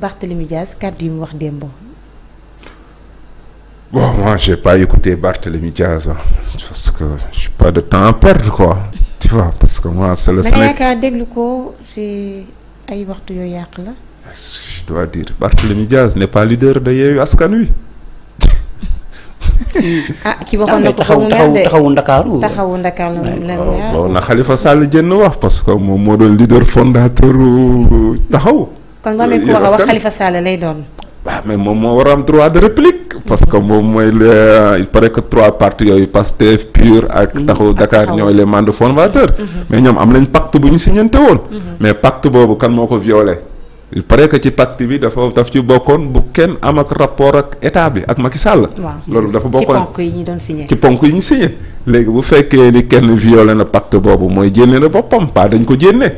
Barthélémy yi mu wax démb. de temps à perdre parce que moi. c'est le Sénégal da nga yaakaar déglu ko si ay waxtu yooyu yàq la. je dois dire Barthélémy Diaz n'est pas leader de Yewwi Askan Wi. Ah, ki waxoon na ko taxawu Ndakaaru. taxawu Ndakaaru la oh, na Khalifa Sall jënn wax parce que moom moo doon leader fondateur euh, taxaw. kon boo amee ku wax wax Khalifa ah, moom moo war a am droit de réplique parce que moom mooy le euh, il paraît que trois partis yooyu PASTEF PUR ak mm-hmm. taxaw Dakar ñooy les membres fondateurs mm-hmm. mais ñoom am nañ pacte bu ñu signante woon mm-hmm. mais pacte boobu kan moo ko violé il paraît que ci pacte bi dafa daf ci bokkoon bu kenn am ak rapport ak état bi ak Macky Sall loolu dafa bokkoon ci ponk yi ñu doon ci ponk yi ñu signé léegi bu fekkee ni kenn violé na pacte boobu mooy jénnee na boppam pas dañ ko jénne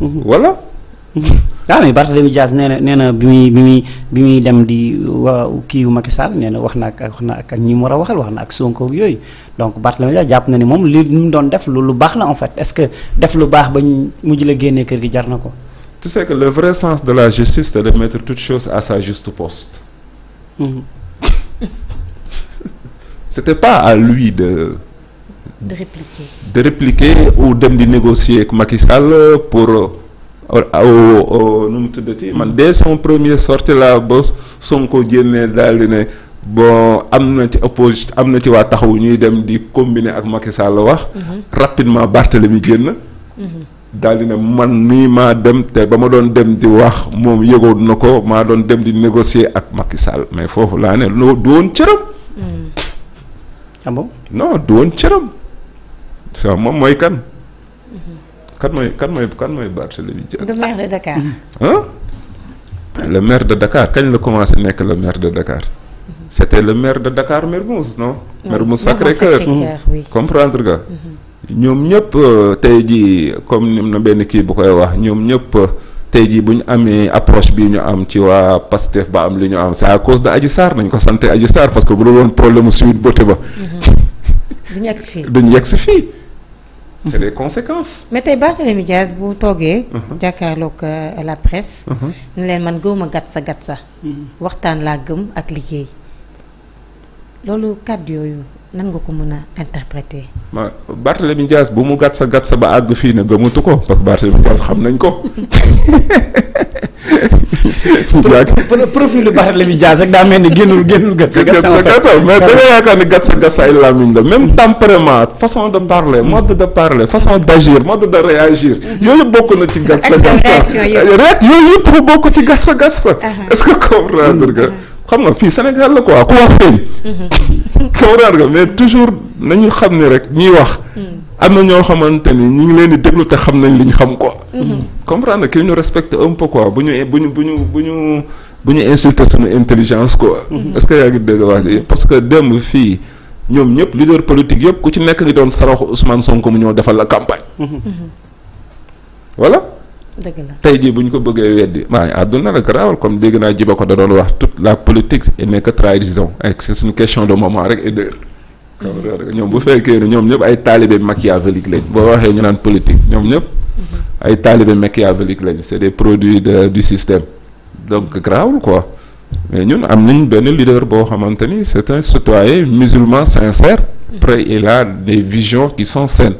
voilà waaw ah, mais Barthélémy Dias nee nee na bi muy bi muy bi muy dem di waa kii yu Macky Sall nee na wax na ak wax ak ñi war a waxal wax na ak Sonko yooyu donc Barthélémy Dias jàpp na ni moom li mu doon def lu baax la en fait est-ce que def lu baax ba ñu mujj la génnee kër gi jar na ko. tu sais que le vrai sens de la justice c'est de mettre toute chose à sa juste poste. Mmh. c'était pas à lui de. de répliquer de répliquer ou dem di négocier ak Macky pour. au nu mu tuddati man de son premier sortie la ba Sonko génnee daal di ne bon am na ci opposition am na ci waa taxaw ñuy dem di combiner ak Macky Sall la wax. Mhm. rapidement Barthélemy génn. Mhm. daal di ne man mii maa dem te ba ma doon dem di wax moom yëgoon na ko maa doon dem di négocier ak Macky Sall mais foofu laa ne loo du woon cëram. Mhm. ah du woon cëram. so moom mooy kan. kan mooy kan mooy kan mooy Barthélémy Dias. le maire de dakaar ah maire de Dakar kañ la commencé nekk le maire de Dakar. c' était le maire de Dakar Mermoz non. Mermoz Sacré-Cœur comprendre nga. ñoom ñëpp euh, tey jii comme ni na benn kii bu koy wax ñoom ñëpp euh, tey jii bu ñu amee approche bi ñu am ci waa Pastef ba am li ñu am c' est à cause de Adji Sarr nañ ko sant Adji Sarr parce que bu dul woon problème mu suite bote ba. Mm-hmm. duñu yegg si si fii. c'est des conséquences. mais tey Barthélémy bu toogee. Mhm. jàkkaarloog euh, la presse. Mhm. ne leen man gëwuma gatsa gatsa. Mhm. waxtaan laa gëm ak liggéey. loolu kàddu yooyu nan nga ko mën a interpréter. ma Barthélémy Dias bu mu sa gatsa gatsa ba àgg fii na gëmatu ko parce que Barthélémy xam nañ ko. profil de Barthélémy Dias daa mel ni génnul génnul gatsa gatsa mais da nga yaakaar ni gatsa gatsa ay làmmiñ la même tempérament façon de parler mm. mode de parler façon d'agir mode de réagir mm. yooyu bokk na ci gatsa gatsa eh, rek yooyu yëpp bokk ci gatsa gatsa uh-huh. est-ce que comprendre nga uh-huh. xam nga fii Sénégal la quoi ku wax feeñ mm-hmm. comprendre nga mais toujours nañu xam ni rek ñuy wax mm. am na ñoo xamante ni ñu ngi leen di déglu te xam nañ li ñu xam quoi. Mhm. comprendre que ñu respecte un peu quoi bu ñu bu ñu bu ñu bu ñu bu ñu insulter suñu intelligence ko mhm. est-ce que yaa ngi dégg wax ji parce que démb fii ñoom ñëpp leader politique yëpp ku ci nekk ngi doon saraxu Ousmane Sonko mu ñëw defal la campagne. Mhm. voilà. dëgg tey jii bu ñu ko bëggee weddi waaye àdduna la garaawal comme dégg naa jiba ko da doon wax toute la politique n'est que trahison ay question de moment rek et d'heure caméra ñoom bu fekkee ne ñoom ñëpp ay taalibe machiavélique lañ boo waxee ñu naan politique ñoom ñëpp. Mhm. ay taalibe machiavélique lañ c' est des produits de du système donc grawul quoi mais ñun am nañ benn leader boo xamante ni c' est un citoyen musulman sincère. Mhm. après il a des visions qui son saines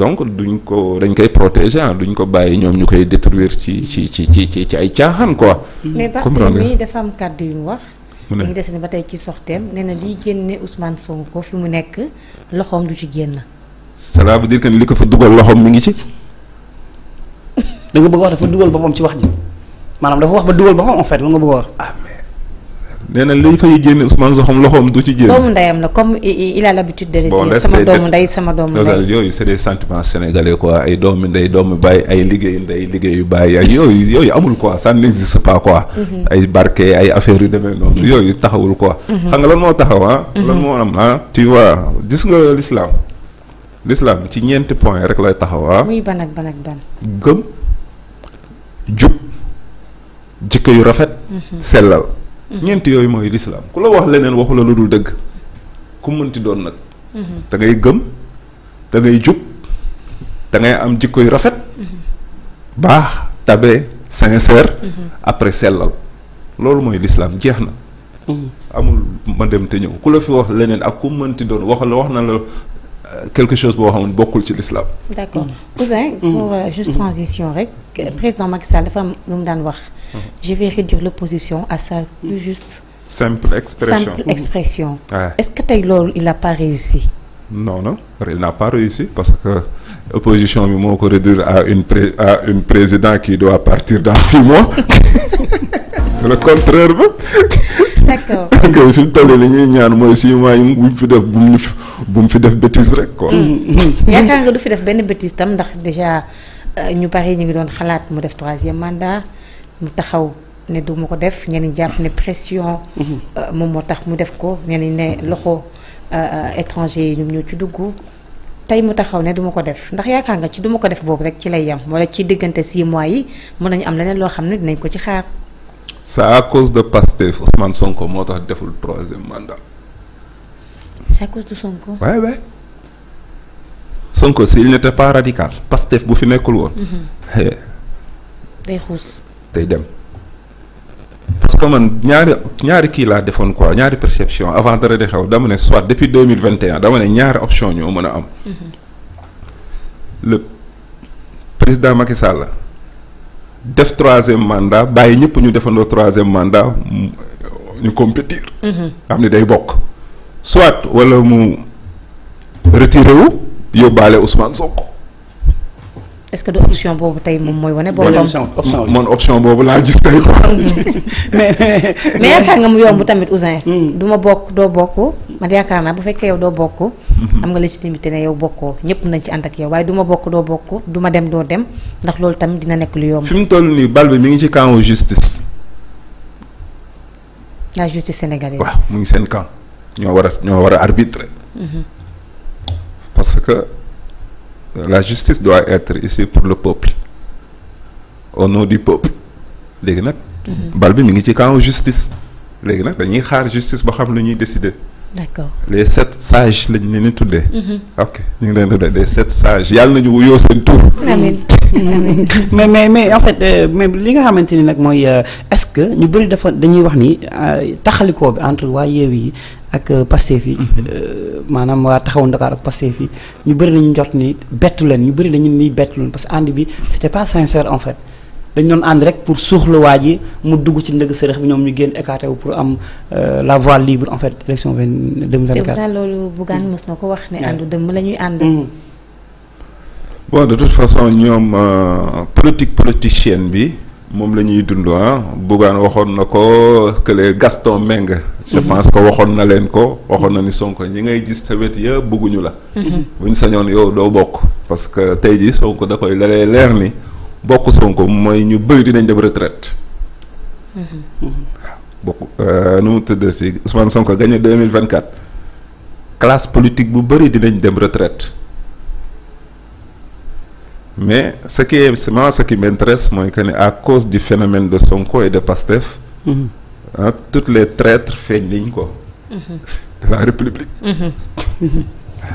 donc duñ ko dañ koy protéger ah duñ ko bàyyi ñoom ñu koy détruire ci ci ci ci ci ay caaxaan quoi. wax. mu ngi des ni ba tey ci soxteem nee na liy génne Ousmane ko fi mu nekk loxoom du ci génn. cela veut dire que li ko fi dugal loxoom mu ngi ci. da nga bëgg wax dafa dugal ba moom ci wax ji maanaam dafa wax ba dugal boppam en fait lu nga bëgg wax. Ah, nee li liy fay génn Ousmane Soxom loxoom du ci génn. doomu ndeyam la comme il a l'habitude de le dire sama doomu ndey sama doomu ndey yooyu c'est des sentiments sénégalais ay doomu ndey doomu baay ay liggéeyu ndey liggéeyu baay yooyu yooyu amul quoi ça n'existe pas quoi. Mm-hmm. ay barke ay affaires yu demee noonu. Mm-hmm. yooyu taxawul quoi. Mm-hmm. xam nga lan moo taxaw ah. lan moo am ah tu vois gis nga l'islam l'islam ci ñeenti point rek lay taxaw ah. muy ban ak ban ak ban. gëm jub yu rafet. sellal. ñeent yooyu mooy lislaam ku la wax leneen waxu la lu dul dëgg ku mënti doon nag mhm. dangay gëm da ngay jub da am jikko yu rafet mhm. baax tabe sincère mhm. après sellal loolu mooy lislaam jeex na amul ma dem te ñëw ku la fi wax leneen ak ku mënti doon wax la wax na la euh, quelque chose boo xam ne bokkul ci l'islam d'accord Ouzin pour euh, juste transition rek président Macky dafa lu mu daan wax Mhm. je vais réduire l'opposition à sa plus juste simple expression simple mhm. est-ce que tey loolu il n'a pas réussi. non non il n'a pas réussi parce que opposition bi moo ko réduire à une pré à une président qui à partir dans six mois c'est le contraire ba. d'accord ok fi mu toll li ñuy ñaan mooy six mois yi buñ fi def bu mu fi def bêtise rek quoi. Mm, mm. yaakaar nga du fi def benn bêtise tam ndax déjà euh, ñu bari ñu ngi doon xalaat mu def troisième mandat. mu taxaw ne du ma ko def ñeneen jàpp ne pression. Mhm. Euh, moom moo tax mu def ko ñeneen ne loxo euh, étranger yi ñoom ñu ci dugg. tey mu taxaw ne duma ko def ndax yaakaar nga ci duma ko def boobu rek ci lay yem wala ci diggante 6 mois yi mën nañu am leneen loo xam ne dinañ ko ci xaar. c'est à cause de Pastef Ousmane Sonko moo tax deful troisième mandat. c'est à cause de Sonko. waay waay Sonko s'il n'était pas radical Pastef bu fi nekkul woon. Mhm. Eh. day xuus. tey dem parce que man ñaari ñaari kii laa defoon quoi ñaari perception avant dara di xew dama ne soit depuis deux mille vingt et un dama ne ñaari option ñoo mën a am. Mm-hmm. le président Macky Sall def troisième mandat bàyyi ñëpp ñu defandoo troisième mandat ñu compétir. Mm-hmm. xam ne day bokk. soit wala mu retiré yóbbaale Ousmane Sonko. est-ce que de option boobu tey moom mooy wane. boobu moom man option boobu laa gis tey mais yaakaar nga mu yomb tamit Ouzin. Hmm. duma bokk doo bokk man yaakaar naa bu fekkee yow doo bokk. Mhm. am nga légitimité ne yow bokkoo ñëpp nañ ci ànd ak yow waaye du bokk doo bokk duma dem doo dem ndax loolu tamit dina nekk lu yomb. fi mu toll nii bal bi mi ngi ci camp justice. la justice sénégalaise. waaw mu ngi seen camp ñoo war a ñoo war a mhm. parce que. la justice doit être ici pour le peuple au nom du peuple léegi nag. Mhm. bal bi mi ngi ci camp justice léegi nag dañuy xaar justice ba xam lu ñuy décider. d'accord les sept sages lañ leen di tuddee. Mhm. ok ñu ngi leen di tuddee les sept sages yàlla nañu wuyoo seen tur. mais mais mais en fait euh, mais li nga xamante ni nag mooy euh, est-ce que ñu bëri dafa dañuy wax ni euh, taxalikoo bi entre waa Yewwi yi ak Pastef yi mhm. maanaam waa taxawu Ndakaar ak Pastef yi ñu bëri dañu jot ni bettu leen ñu bëri dañu ni bettu leen parce que ànd bi c'était pas sincère en fait dañ doon ànd rek pour suuxlu waa ji mu dugg ci ndëgg sërëx bi ñoom ñu génn écarté wu pour am la voie libre en fait élection 2024 te loolu Bougane mos na ko wax ne àndu dëmm la bon de toute façon ñoom euh, politique politicienne bi moom la ñuy dund ah Bougane waxoon na ko que Gaston Mbengue je mhm. pense que waxoon na leen ko waxoon na ni sonk ñi ngay gis sa wet ya bëgguñu la mhm. Mhm. buñ sañoon yow doo bokk parce que tey ji Sonko da koy leer ni bokk Sonko mooy ñu bëri dinañ dem retraite waaw bokk euh, nu mu tëdd si Ousmane Sonko gagné 2024 classe politique bu bëri dinañ dem retraite mais ce qui est ce qui m'intéresse mooy que ni à cause du phénomène de Sonko et de Pastef ah mhm. toutes les traîtres feeñ liñ ko de la République mhm.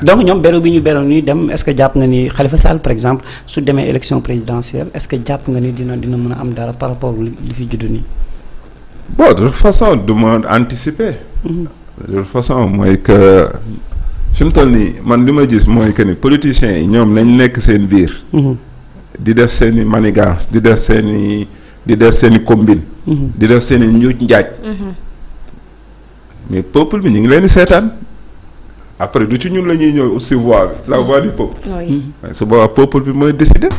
donc ñoom beru bi ñu beroon ni dem est-ce que jàpp nga ni Khalifa Sall par exemple su demee élection présidentielle est-ce que jàpp nga ni dina dina mën a am dara par rapport li fi juddu nii bon de toute façon du ma anticiper mhm. de toute façon mooy que fi mu toll nii man li ma gis mooy que ni politiciens yi ñoom nañ nekk seen biir. Mhm. di def seeni i di def seeni di def seeni i combine. Mhm. di def seen i njuuj njaaj. Mhm. mais peuple bi ñu ngi leen seetaan après du ci ñun la ñuy ñëw aussi voix bi la voix du peuple. su boobaa peuple bi mooy décider.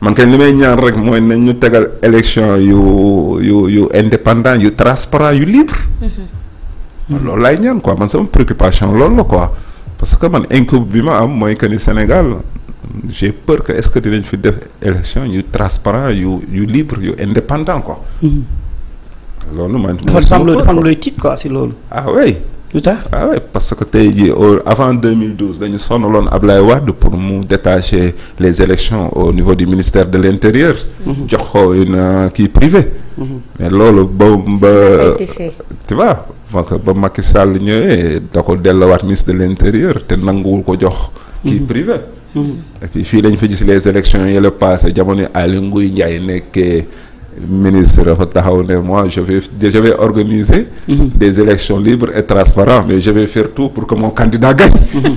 man kañ li may ñaar rek mooy nañ ñu tegal élection yu yu yu indépendant yu transparent yu libre. loolu laay ñaan quoi man sama préoccupation loolu la quoi. parce que man inquiétude bi ma am mooy que ni Sénégal j'ai peur que est-ce que dinañ fi def élection yu transparent yu yu libre yu indépendant quoi. Mm-hmm. loolu man. dafa am looy tiit quoi si loolu. ah oui. lu tax ah parce que tey jii avant 2012 dañu sonaloon Ablaye Wade pour mu détacher les élections au niveau du ministère de l'intérieur. Mhm. jox ko une euh, kii privée. Mhm. mais loolu ba ba. tu vois ba Macky Sall ñëwee da ko delluwaat ministre de l'intérieur te nanguwul ko jox. kii mhm. privé. et puis fii lañ fa gis les élections yi la passé jamono Aly Ngouille Ndiaye nekkee. ministre dafa taxaw ne moi je vais je vais organiser. Mhm. des élections libres et transparentes mais je vais faire tout pour que mon candidat gagne. Mhm.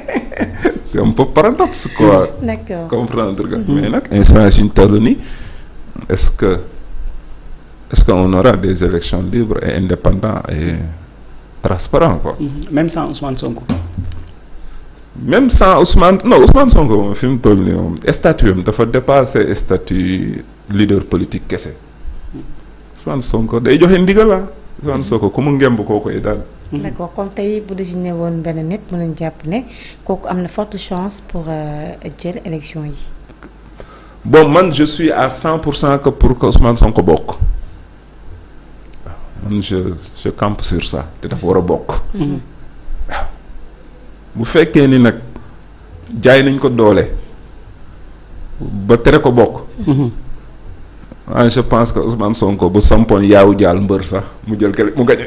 c'est un peu paradoxe quoi. Mhm. comprendre nga. mais nag instant suñ toll nii est que est-ce qu'on aura des élections libres et indépendantes et transparentes quoi. même sans Ousmane Sonko. même sans Ousmane non Ousmane Sonko fi mu toll nii moom dafa dépasser statut. leader politique kese Ousmane Sonko day joxe ndigal la ah. Ousmane Sonko ku mu ngemb koo koy daal. d'accord comme tey bu désigné woon benn nit mën nañu jàpp ne kooku am na forte chance pour euh, jël élection yi. bo man je suis à cent pour cent que pour que Ousmane Sonko bokk waaw man sur ça te dafa war a bokk. Mhm. bu fekkee ni nag jaay nañ ko doole ba tere ko bokk. Mhm. waaw je pense que Ousmane Sonko bu sampoon yaawu jaal mbër sax mu jël kële mu gañe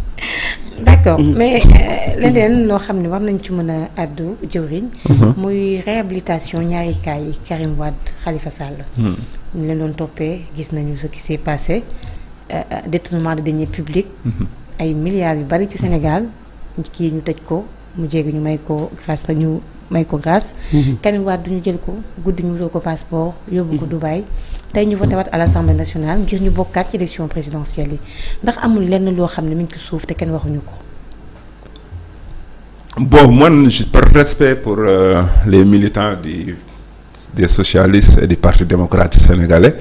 d'accord mm-hmm. mais euh, leneen loo xam ne war nañ ci mën a àddu jëwriñ mm-hmm. muy réhabilitation ñaari cas yi Karim Wade Khalifa Sall mm-hmm. ñu leen doon toppee gis nañu ce qui s'est passé euh, euh, détournement de deniers publics ay milliards yu bari ci Sénégal kii ñu tëj ko mu jéggi ñu may ko grâce ba ñu may ko grâce. Mhm. Karim Wade du ñu jël ko guddi ñu wutoo ko passeport yóbbu ko mhm. Dubaï. tey ñu voté waat à l' assemblée nationale ngir ñu bokkaat ci élection présidentielle yi ndax amul lenn loo xam ne mi ngi ci suuf te kenn waxuñu ko. bo man par respect pour euh, les militants du des socialistes et du parti démocratique sénégalais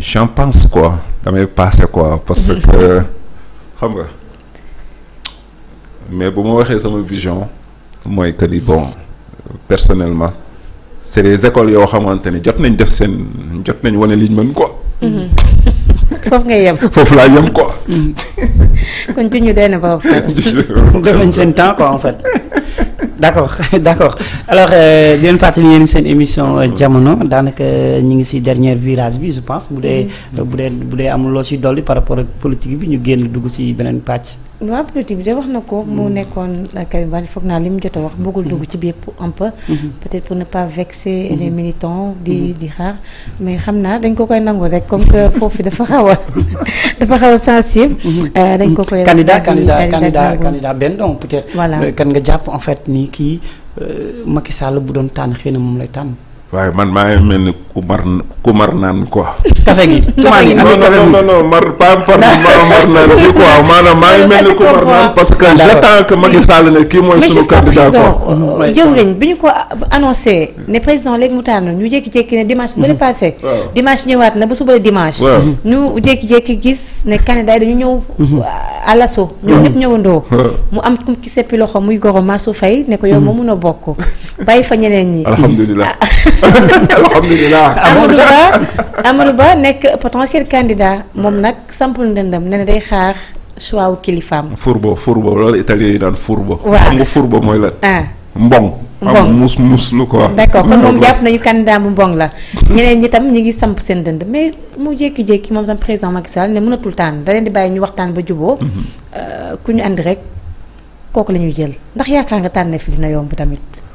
j'en pense quoi damay passé quoi parce que xam nga mais bu ma waxee sama vision. mooy que ni bon personnellement c'est des écoles yoo xamante ne jot nañ def seen jot nañ wane liñ mën ko foofu ngay yem foofu laa yem ko kon ci ñu dee na ba def nañ seen temps quoi en fait. d' accord d' accord alors euh, di leen fàttali seen émission euh, jamono daanaka euh, ñu ngi ci dernière virage bi je pense bu dee bu dee bu dee amul loo ci dolli par rapport ak politique bi ñu génn dugg ci beneen pàcc. waaw politique bi de wax na ko. mu hmm. nekkoon euh, Karim Wade foog naa li mu jot a wax hmm. bëggul dugg hmm. ci biir un peu. peut-être pour ne pas vexer les militants di di xaar mais xam naa dañ ko koy nangu rek comme que foofu dafa xaw a dafa xaw a sensible. Euh, dañ ko koy candidat candidat candidat candidat benn donc peut-être. voilà euh, kan nga jàpp en fait nii kii Macky Sall bu doon tànn xëy na moom lay tànn. waaye man maa ngi mel ni ku mar ku mar naan quoi. café gi. tumaani andi café gi non non non mar pas par mar naan bi quoi maanaam maa ngi mel ni ku mar naan parce que j'attends que Macky Sall ne kii mooy suñu candidat quoi euh, jëwriñ bi ñu ko annoncé mm. ne président léegi mu tànn ñu jékki-jékki ne dimanche bu bële mm-hmm. ñëwaat na ba suba dimanche ñu jékki-jékki gis ne candidat yi dañu ñëw mm-hmm. à l'assaut ñoom mm-hmm. ñëwandoo mu am ku ki seppi loxo muy goro Massou Faye ne ko yow ma mun a bokk bàyyi fa ñeneen ñi alhamdulilah alhamdulilah Amadou Ba Amadou Ba nekk potentiel candidat moom nag sampul ndëndam ne ne day xaar choix fur boo fur boo loolu italien yi daan furbo. waaw xam nga furbo mooy lan. ah mboŋ. mboŋ muus muus lu ko wax. d'accord kon moom jàpp nañu candidat mu mboŋ la. ñeneen ñi tam ñu ngi samp seen dënd mais mu jékki-jékki moom tam président Macky Sall ne mënatul tànn da di bàyyi ñu waxtaan ba juboo mhm. euh, ku ñu andi rek kooku lañuy ñuy jël ndax yaakaar nga tànneef dina yomb tamit.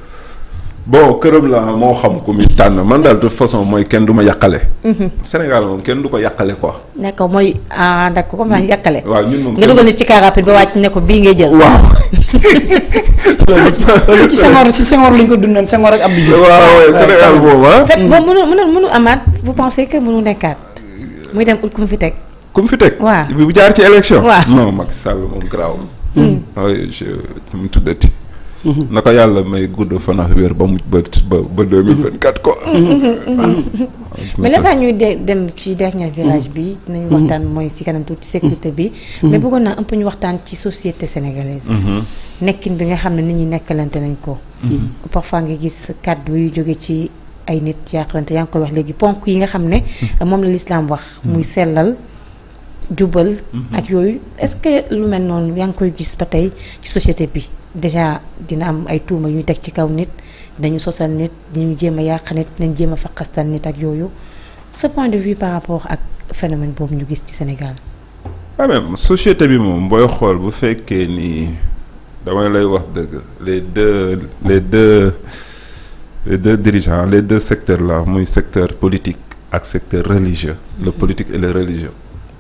bon këram la moo xam ku muy tànn man daal de façon mooy kenn du ma yàqale. Mhm. Sénégal moom kenn du ko yàqale quoi. ne ko mooy ah d' accord comme yàqale. waaw ñun moom nga dugal ni ci car rapide ba wàcc ne ko bii ngay jël. waaw. loolu ci Senghor si Senghor lañ ko dundoon Senghor ak Abdou Diouf. waaw Sénégal boobu ah. fekk amaat vous pensez que mënu nekkaat muy dem ku fi teg. ku fi teg. waaw bu jaar ci élection. waaw non Macky Sall moom garaaw. Hmm. je mu tuddati. na ko yàlla may gudd fan ak ba mu ba ba deux mille vingt mm-hmm. mais laata ñuy de dem ci dernier village bi. Mm-hmm. nañu waxtaan mooy si kanam tuuti sécurité bi. Mm-hmm. mais bëggoon naa un ñu waxtaan ci société sénégalaise. nekkin bi nga xam ne nit ñi nekkalante nañ ko. parfois nga gis kàddu yu jóge ci ay nit yàqalante yaa ngi koy wax léegi ponk yi nga xam ne. moom la lislaam wax muy sellal. jubal ak yooyu est-ce que lu mel noonu yaa ngi koy gis ba tey ci société bi déjà dina am ay tuuma yuy teg ci kaw nit dañu sosal nit dañu jéem a yàq nit dañu jéem a faqastal nit ak yooyu ce point de vue par rapport ak phénomène boobu ñu gis ci Sénégal. ah même société bi moom booy xool bu fekkee ni damay lay wax dëgg les deux les deux les deux dirigeants les deux secteurs la muy secteur politique ak secteur religieux. le mm-hmm. politique et le religieux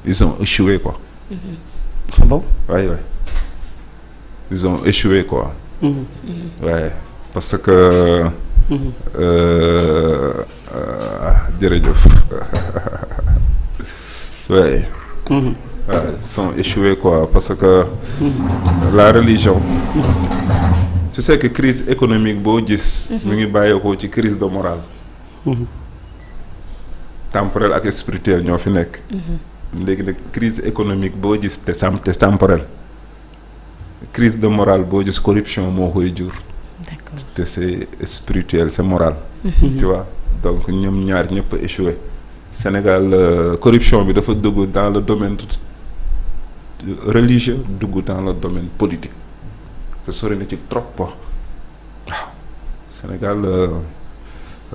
ils ont échoué quoi. Mm-hmm. ah, ah ils ont échoué quoi. parce que. jërëjëf ouais. Ouais, ils sont quoi parce que la religion. Mhm. tu sais que crise économique boo gis. mu mhm. ngi bàyyeekoo ci crise de morale. Mhm. temporelle ak spirituelle ñoo fi nekk. léegi nag crise économique boo gis te sam te temporelle. crise de morale boo gis corruption moo koy jur. d'accord te c'est spirituel c'est moral. Mhm. tu vois donc ñoom ñaar ñëpp a échoué. Sénégal euh, corruption bi dafa dugg dans le domaine religieux dugg dans le domaine politique te sori ci trop waaw Sénégal euh,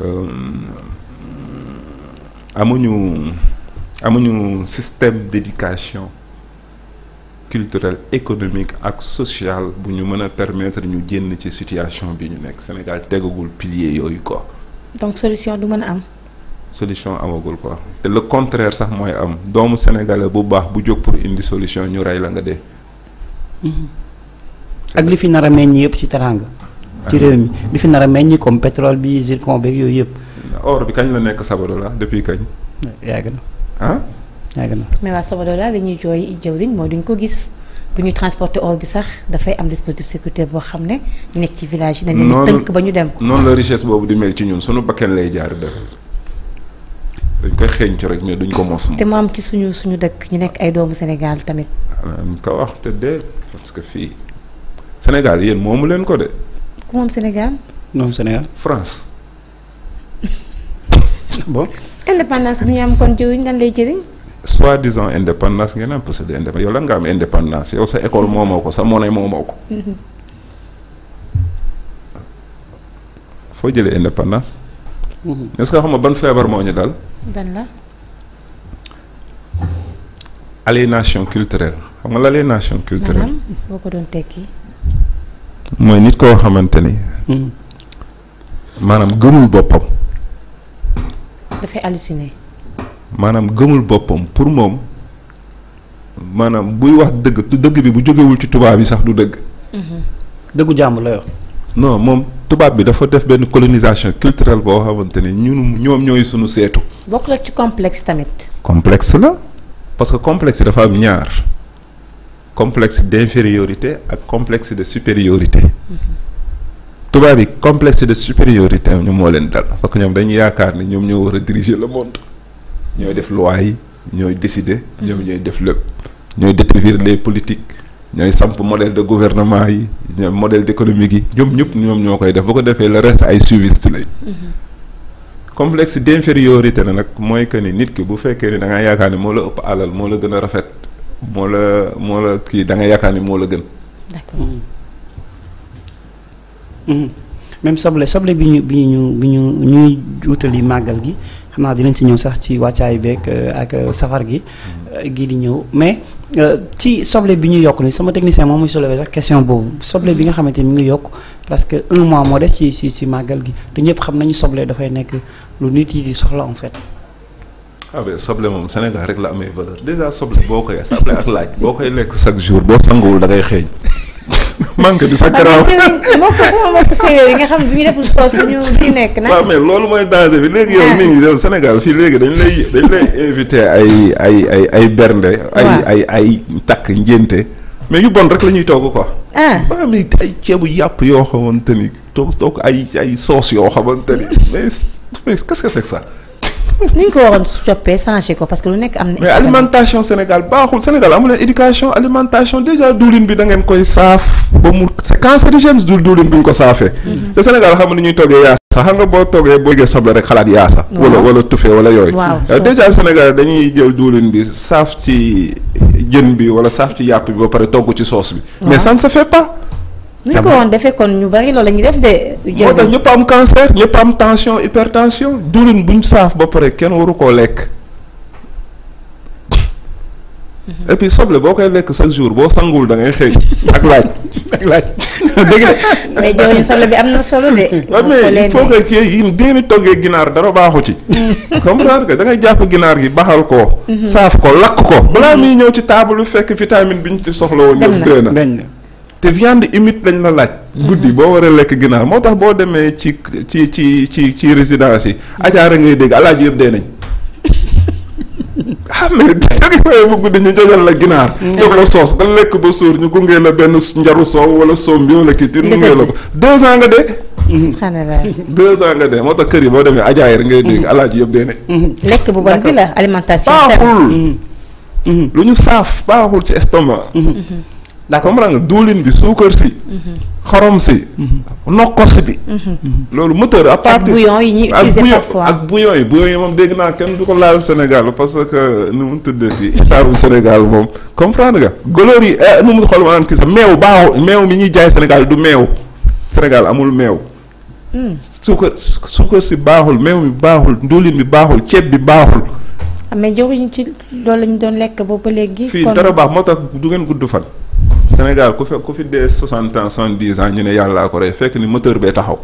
euh, amuñu amuñu système d'éducation culturel économique ak social bu ñu mën a permettre ñu génn ci situation bi ñu nekk Sénégal tegagul pilier yooyu ko donc solution du mën am. solution amagul quoi te le contraire sax mooy am doomu sénégalais bu baax bu jóg pour indi solution ñu rey la nga dee. ak li fi nar a meññ yëpp ci teranga ah. ci réew mi li fi nar a meññ comme pétrole bi zircon beeg yooyu yëpp. or bi kañ la nekk sabado la depuis kañ. yàgg na mais waa Sobadola dañuy jooy jëwriñ mooy duñ ko gis bu ñuy transporter or bi sax dafay am dispositif sécurité boo xam ne ñu nekk ci village yi. dañ leen tënk ba ñu dem. noonu la richesse boobu di mel ci ñun sunu bakken lay jaar def dañ koy xeeñcu rek duñ ko mos. te mu ci suñu suñu dëkk ñu nekk ay doomu Sénégal tamit. ñu ko wax te de parce que fii Sénégal yéen moomu leen ko de. ku moom Sénégal. moom Sénégal France. bon. indépendance bi ñu am kon jëriñ lan lay jëriñ. soi-disant indépendance ngeen am procédé indépendance yow lan nga am indépendance yow sa école moomoo ko sa monnaie moomoo ko. foo jëlee indépendance. Mhm. est-ce que xam nga ban feebar moo ñu dal. ban la. aliénation xam nga l'aliénation culturelle. maanaam mooy nit koo xamante ni. Mhm. maanaam gëmul boppam. dafay halluciner. maanaam gëmul boppam pour moom maanaam buy wax dëgg dëgg bi bu jógewul ci tubaab yi sax du dëgg. Mm-hmm. dëggu jàmm la wax. moom tubaab bi dafa def benn colonisation culturelle boo xamante ni ñun ñoom ñooy suñu seetu. bokk la ci complexe tamit. complexe la parce que complexe dafa am ñaar complexe d'infériorité ak complexe de supériorité. Mm-hmm. tubaab yi complexe de supériorité am ñu moo leen dal parce que ñoom dañu yaakaar ni ñoom ñoo war a diriger le monde. ñooy def loi yi ñooy décider. Mm-hmm. ñoom ñooy def lépp. ñooy décrire les politiques ñooy samp modèle de gouvernement yi ñoom modèle d'économique yi ñoom ñëpp ñoom ñoo koy def boo ko defee le reste ay suivistes lañ. Mm-hmm. complexe d'infériorité na nag mooy que ni nit ki bu fekkee ni da nga yaakaar ni moo la ëpp alal moo la gën a rafet moo la moo la kii da nga yaakaar ni moo la gën. d'accord. Mm-hmm. soble soble bi ñu bi ñu ñu ñuy wutali màggal gi. xam naa dinañ si ñëw sax ci wàccaay beeg euh, ak euh, safar gi euh, gii di ñëw mais ci soble bi ñu yokk ni sama technicien moom muy soulevé sax question boobu soble bi nga xamante ne mu ngi yokk parce que un mois moo des ci ci ci màggal gi te ñëpp xam nañu soble dafay nekk lu nit yi di soxla en fait ah soble moom Sénégal rek la amee valeur déjà soble boo koy soble ak laaj boo koy lekk chaque jour boo sanguwul da ngay xeeñ manque di sa garaaw moo ko sama mbokk séeréer yi nga xam ne bi ñu deful soos ñu bi nekk nag waaw mais loolu mooy danger bi léegi yow nit ñi yow fii léegi dañu lay dañu lay invité ay ay ay ay bernde ay ay ay takk ngénte mais yu bon rek la ñuy togg ko ay ceebu yàpp yoo xamante ni toog toog ay ay soos yoo xamante ni mais mais qu'est-ce que ni ñu ko waroon coppee changé ko parce que lu nekk am na. mais alimentation Sénégal baaxul Sénégal amu leen éducation alimentation déjà diwlin bi da ngeen koy saaf ba mu c'est cancérigène diwlin bi ñu ko saafee. Mhm. te Sénégal xam nga ni ñuy toggee yaasa xam nga boo toggee boo jëlee soble rek xalaat yaasa. wala wala tufe wala yooyu. waaw euh, déjà Sénégal dañuy jël diwlin bi saaf ci jën bi wala saaf ci yàpp bi ba pare togg ci soos bi. mais ça ne se bu ñu ko woon defee kon ñu bari loolu la def de. moo tax ñëpp am cancer ñëpp am tension hypertension diwlin buñ saaf ba pare kenn waru koo lekk. Mhm. et puis soble boo koy lekk chaque jour boo sanguwul da ngay xëy ak laaj ak laaj dégg nga. bi am na solo de. mais il faut que kii baaxu ci. comprendre que da ngay jàpp ginaar gi baxal ko. Mhm. saaf ko lakk ko. balaa mhm. muy ñëw ci table bi fekk vitamine bi ñu ci soxla woon. dem na te viande humide lañ la laaj. Mm-hmm. guddi boo waree lekk ginaar moo tax boo demee ci ci ci ci ci résidence yi. Mm-hmm. ajaara ngay dégg alaaji yëpp dee nañ. ah mais dangay waaye bu guddi la ginaar. Mm-hmm. jox la soos nga lekk ba sóor ñu gungee la benn njaru soow wala sombi wala kii. dëgg la gungee la ko deux ans nga dee. subhanallah deux nga dee moo tax kër yi boo demee ajaay rek ngay dégg alaaji yëpp dee nañ. lekk bu bon bi la baaxul lu ñu saaf baaxul ci estomac. d'accord comprendre nga duulin bi suukar si. Mhm. xorom si. Mhm. nokkos bi. Mhm. loolu moteur à partir. ak bouillon yi ñuy utiliser parfois ak bouillon yi bouillon yi moom dégg naa kenn du ko laal Sénégal parce que nu mu tëddati état bu Sénégal moom comprendre nga goloor yi eh, nu mu xool maanaam kii sax meew baaxul meew mi ñuy jaay Sénégal du meew Sénégal amul meew. Hmm. suukar suukar si baaxul meew mi baaxul duulin bi baaxul ceeb bi baaxul. Ah, mais jëriñ ci loolu lañ doon lekk ba ba léegi. fii dara du ngeen gudd fan. Sénégal ku fe fi dee soixante ans soixante dix ñu ne yàllaa ko rey fekk ni moteur bee taxaw.